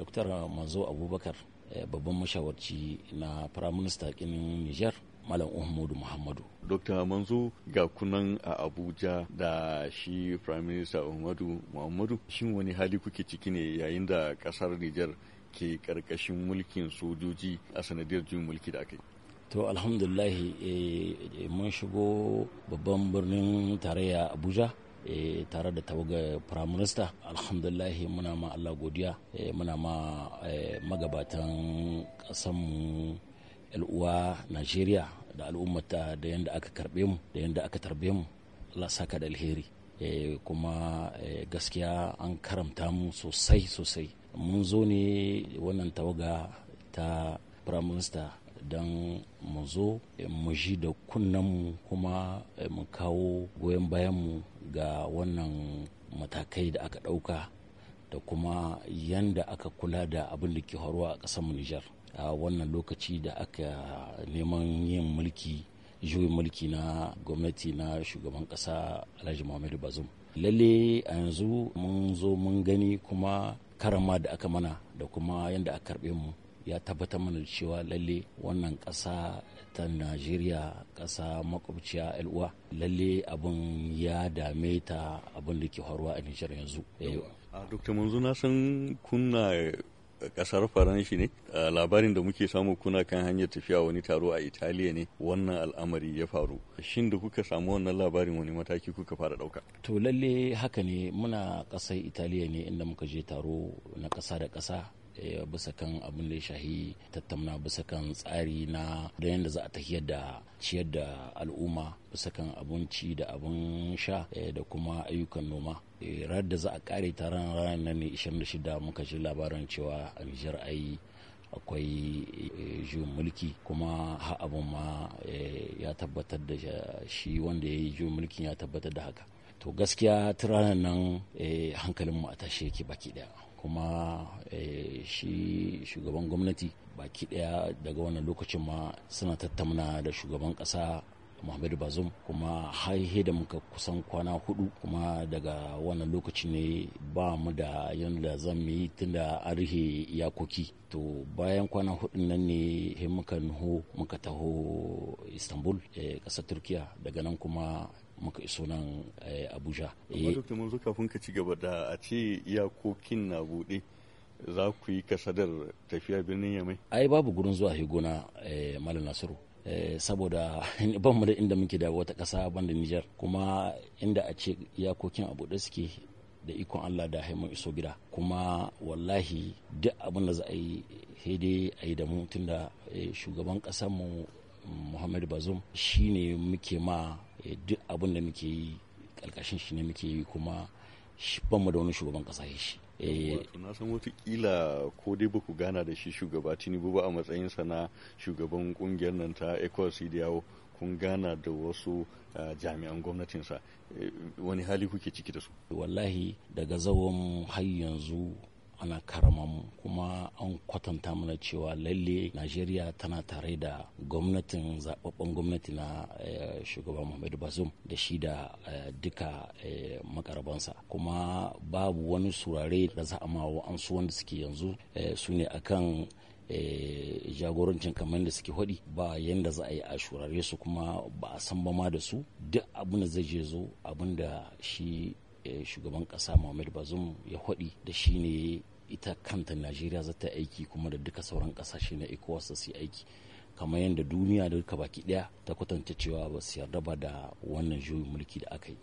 Dr. Manzo Abubakar eh, babban mashawarci na Prime Minister ƙinin Niger Malam Uhmudu Muhammadu. Dr. Manzo ga kunan a Abuja da shi Prime Minister Uhmudu Muhammadu shin wani hali kuke ciki ne yayin da kasar Niger ke karkashin mulkin sojoji a sanadiyar juyin mulki da aka yi? To alhamdulillah eh, eh, mun shigo babban birnin tarayya Abuja Eh, tare da tawaga prime minister alhamdulahi muna ma allah godiya eh, muna ma eh, magabatan ƙasanmu uwa nigeria da al'ummata da yadda aka karbe mu da yadda aka tarbe mu allah saka da alheri kuma gaskiya an karamta mu sosai sosai mun zo ne wannan tawaga ta prime minister don mu zo mu ji da mu kuma mu kawo goyon bayanmu ga wannan matakai da aka ɗauka da kuma yanda aka kula da abin da ke faruwa a ƙasar Nijar a wannan lokaci da aka neman yin mulki juyin mulki na gwamnati na shugaban ƙasa Alhaji Muhammadu Bazum. Lalle a yanzu mun zo mun gani kuma karama da aka mana da kuma yanda aka karɓe mu ya tabbatar mana cewa lalle wannan ƙasa ta najeriya ƙasa makwabciya al'uwa lalle abin ya dame ta abin da ke faruwa a nijar yanzu eh, dr na san kuna kasar faranshi ne labarin da muke samu kuna kan hanyar tafiya wani taro a italiya ne wannan al'amari ya faru shin da kuka samu wannan labarin wani mataki kuka fara ɗauka. to lalle haka ne muna kasar italiya ne inda muka je taro na ƙasa da ƙasa. Eh, bisa kan abin da ya shahi tattauna bisa kan tsari na da yadda za a tafiyar da ciyar da al'umma bisa kan abinci da abin sha eh, da kuma ayyukan noma eh, ranar da za a kare taron ranar ne 26 muka ji labarin cewa a nijar ayi akwai juyin mulki kuma ha abun ma ya tabbatar da shi wanda ya yi juyin mulkin ya tabbatar da haka to gaskiya tun nan eh, hankalin mu a tashe yake baki daya kuma eh, shi shugaban gwamnati baki daya daga wannan lokacin ma suna tattauna da shugaban kasa muhammadu bazum kuma haihe da muka kusan kwana hudu kuma daga wannan lokaci ne ba mu da yadda zan yi tunda arhe ya iyakoki to bayan kwana hudu nan ne muka nuho muka taho istanbul kasar eh, turkiya daga nan kuma muka iso nan eh, abuja e mun kafin ka ci gaba da a ce iyakokin na bude za ku yi kasadar tafiya birnin yamai ai babu gurin zuwa higona eh, malam nasiru saboda ban mu da inda muke da wata ƙasa banda Nijar kuma inda a ce iyakokin a buɗe suke da ikon Allah da haimun iso gida kuma wallahi duk abin da za a yi hede a yi da mu tunda shugaban ƙasar mu Muhammadu Bazum shine muke ma Eh, duk abin da muke yi karkashin shi ne muke yi kuma ban mu da wani shugaban kasa shi eh, na san watakila ko dai baku gana da shi shugaba tinubu ba a sa na shugaban kungiyar nan ta ecos idiyawo kun gana da wasu eh, jami'an gwamnatinsa wani hali kuke ciki da su wallahi daga zawon har yanzu ana karamamu kuma an kwatanta mana cewa lalle najeriya tana tare da gwamnatin zababben gwamnati na eh, shugaban muhammadu bazum da shi da eh, duka eh, makarabansa kuma babu wani surare da za a ma wa'ansu wanda suke yanzu su ne akan jagorancin kamar da suke hodi ba yanda za a yi a shurare su kuma ba a san ba ma da su duk abin da zai je zo abin da shi shugaban kasa Muhammadu Bazoum ya hodi da shi ne ita kanta najeriya za ta aiki kuma da duka sauran kasashe na ecowas su yi aiki kamar yadda duniya da duka baki daya ta kwatanta cewa ba su yarda ba da wannan juyin mulki da aka yi